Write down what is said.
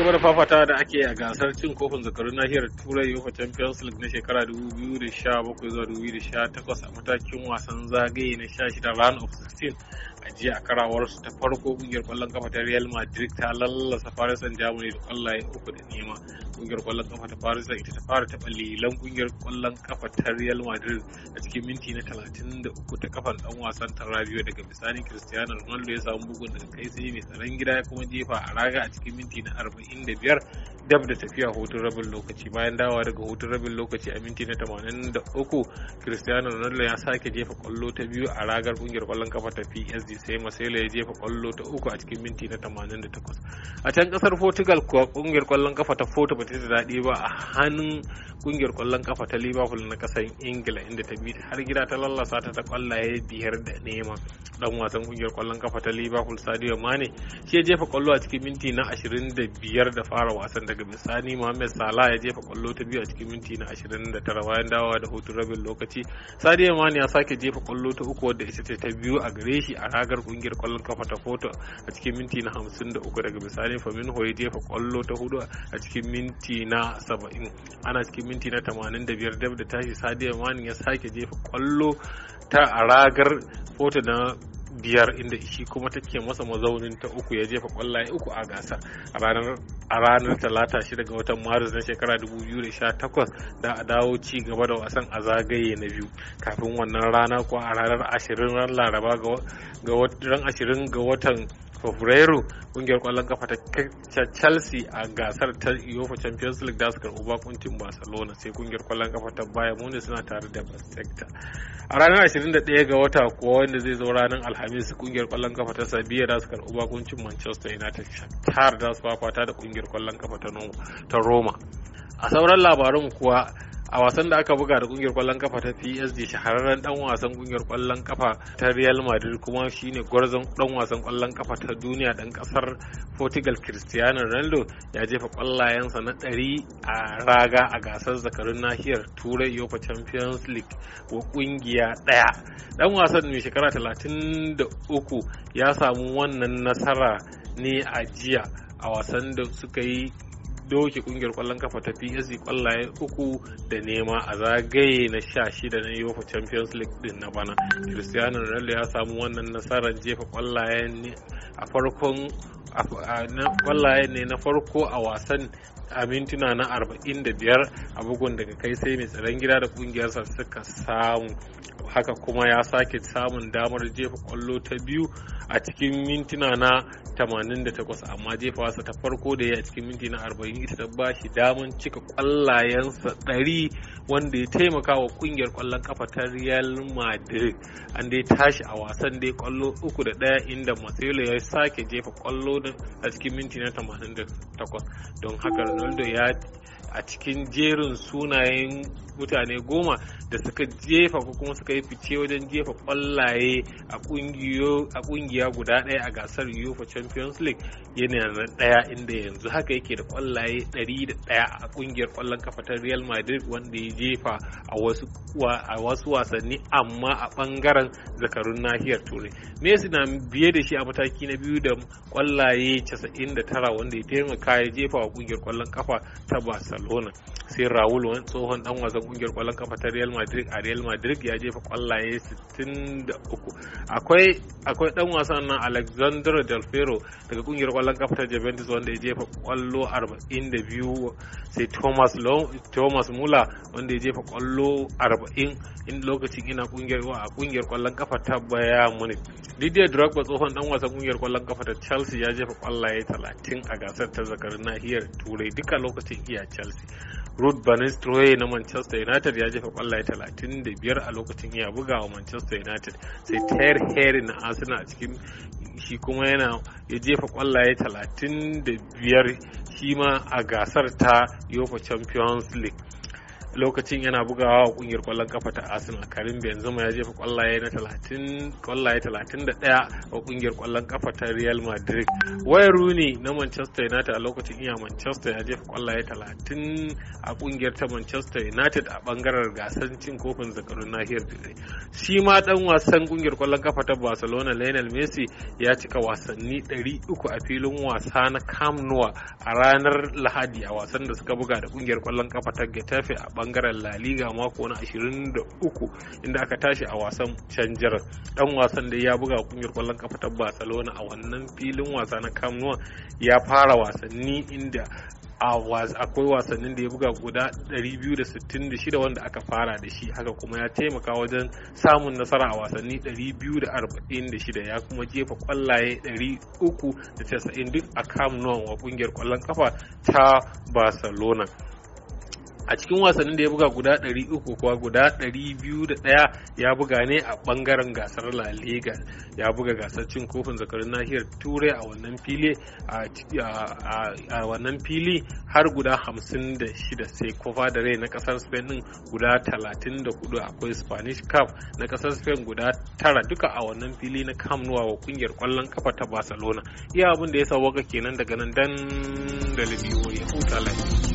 gaba da fafata da ake a gasar cin kofin zakarun nahiyar turai yofa champions league na shekara 2017 zuwa 2018 a matakin wasan zagaye na 16 round of 16 a jiya a karawarsu ta farko kungiyar kwallon kafa ta Real Madrid ta lallasa Paris Saint-Germain da kwallaye uku da nema. Kungiyar kwallon kafa ta Paris Saint ita ta fara taɓa lilan kungiyar kwallon kafa ta Real Madrid a cikin minti na 33 ta kafan dan wasan tarabiyo daga bisani Cristiano Ronaldo ya samu bugun daga kai sai mai tsaron gida ya kuma jefa a raga a cikin minti na 45 dab da tafiya hutun rabin lokaci bayan dawa daga hutun rabin lokaci a minti na 83 cristiano ronaldo ya sake jefa kwallo ta biyu a ragar kungiyar kwallon kafa ta psd sai masela ya jefa kwallo ta uku a cikin minti na 88 a can kasar portugal kuwa kungiyar kwallon kafa ta foto ba ta da daɗi ba a hannun kungiyar kwallon kafa ta liverpool na kasar ingila inda ta biyu har gida ta lallasa ta ta kwallaye biyar da nema dan wasan kungiyar kwallon kafa ta liverpool sadio mane shi ya jefa kwallo a cikin minti na 25 da fara wasan daga daga misani Mohamed Salah ya jefa kwallo ta biyu a cikin minti na 29 bayan dawowa da hutun rabin lokaci. Sadio Mane ya sake jefa kwallo ta uku wadda ita ce ta biyu a gare shi a ragar kungiyar kwallon kafa ta foto a cikin minti na 53 daga misani Firmino ya jefa kwallo ta hudu a cikin minti na 70. Ana cikin minti na 85 dab da tashi Sadio Mane ya sake jefa kwallo ta a ragar foto da. biyar inda shi kuma take masa mazaunin ta uku ya jefa kwallaye uku a gasar a ranar a ranar talata shi daga watan maris na shekara 2018 da a dawo ci gaba da wasan a zagaye na biyu kafin wannan rana ko a ranar 20 ran laraba ran 20 ga watan fabrairu kungiyar kwallon kafa ta chelsea a gasar ta uefa champions league da su karɓi bakuntin barcelona sai kungiyar kwallon kafa ta Bayern Munich suna tare da basecta a ranar 21 ga wata kuwa wanda zai zo ranar alhamis kungiyar kwallon kafa ta sabiya da su karɓi bakuncin manchester united tare da su fafata da kungiyar kwallon kafa ta roma a sauran labarun kuwa a wasan da aka buga da kungiyar kwallon kafa ta PSG shahararren dan wasan kungiyar kwallon kafa ta Real Madrid kuma shine gwarzon dan wasan kwallon kafa ta duniya dan kasar Portugal Cristiano Ronaldo ya jefa kwallayensa na 100 a raga a gasar zakarun nahiyar Turai Europa Champions League wa kungiya daya dan wasan mai shekara 33 ya samu wannan nasara ne a jiya a wasan da suka yi doke kungiyar kwallon kafa ta PSG kwallaye uku da nema a zagaye na sha na UEFA Champions League din na bana. Cristiano Ronaldo ya samu wannan nasarar jefa kwallayen ne a farkon kwallaye ne na farko a wasan a mintuna na 45 a bugun daga kai sai mai tsaron gida da kungiyarsa suka samu haka kuma ya sake samun damar jefa kwallo ta biyu a cikin mintuna na 88 amma jefa wasa ta farko da ya a cikin mintuna na 40 ita ta ba shi damar cika kwallayensa 100 wanda ya taimaka wa kungiyar kwallon kafa ta Real Madrid an dai tashi a wasan dai kwallo uku da ɗaya inda Marcelo ya sake jefa kwallo a cikin mintuna na 88 don haka ronaldo ya a cikin jerin sunayen mutane goma da suka jefa ko kuma suka yi fice wajen jefa kwallaye a kungiya guda ɗaya a gasar UEFA Champions League yana na ɗaya inda yanzu haka yake da kwallaye 101 a kungiyar kwallon kafa ta Real Madrid wanda ya jefa a wasu wasanni amma a bangaren zakarun nahiyar Turai. Messi na biye da shi a mataki na biyu da kwallaye 99 wanda ya taimaka ya jefa a kungiyar kwallon kafa ta Barcelona. Sai Raul tsohon dan wasa da kungiyar kwallon kafa ta Real Madrid a Real Madrid ya jefa kwallaye 63 akwai akwai dan wasan nan Alexander Del Piero daga kungiyar kwallon kafa ta Juventus wanda ya jefa kwallo 42 sai Thomas Long Thomas Muller wanda ya jefa kwallo 40 in lokacin ina kungiyar a kungiyar kwallon kafa ta Bayern Munich Didier Drogba tsohon dan wasan kungiyar kwallon kafa ta Chelsea ya jefa kwallaye 30 a gasar ta zakarin nahiyar Turai duka lokacin iya Chelsea Ruth Banestroye na Manchester manchester united ya jefa kwallaye 35 a lokacin ya buga wa manchester united sai ter harry na arsenal a cikin shi kuma yana ya jefa kwallaye 35 shi ma a gasar ta yofa champions league lokacin yana bugawa wa kungiyar kwallon kafa ta Arsenal Karim Benzema ya jefa kwallaye na 30 kwallaye 31 a kungiyar kwallon kafa ta Real Madrid Wayne Rooney na Manchester United a lokacin iya Manchester ya jefa kwallaye 30 a kungiyar ta Manchester United a bangaren gasar cin kofin zakarun nahiyar Turai shi ma dan wasan kungiyar kwallon kafa ta Barcelona Lionel Messi ya cika wasanni 300 a filin wasa na Camp Nou a ranar Lahadi a wasan da suka buga da kungiyar kwallon kafa ta Getafe a bangaren La Liga mako na 23 inda aka tashi a wasan canjar dan wasan da ya buga kungiyar kwallon kafa ta Barcelona a wannan filin wasa na Camp Nou ya fara wasanni inda akwai wasannin da ya buga guda 266 wanda aka fara da shi haka kuma ya taimaka wajen samun nasara a wasanni 246 ya kuma jefa kwallaye da duk a kam nuwan wa kungiyar kwallon kafa ta Barcelona a cikin wasannin da ya buga guda 300 kuwa guda 201 ya buga ne a bangaren gasar La Liga ya buga gasar cin kofin zakarun nahiyar Turai a wannan fili a wannan fili har guda 56 sai kofa da rai na kasar Spain din guda 34 akwai Spanish Cup na kasar Spain guda tara duka a wannan fili na Camp Nou wa kungiyar kwallon kafa ta Barcelona iya abin da ya sawaka kenan daga nan dan da ya huta lafiya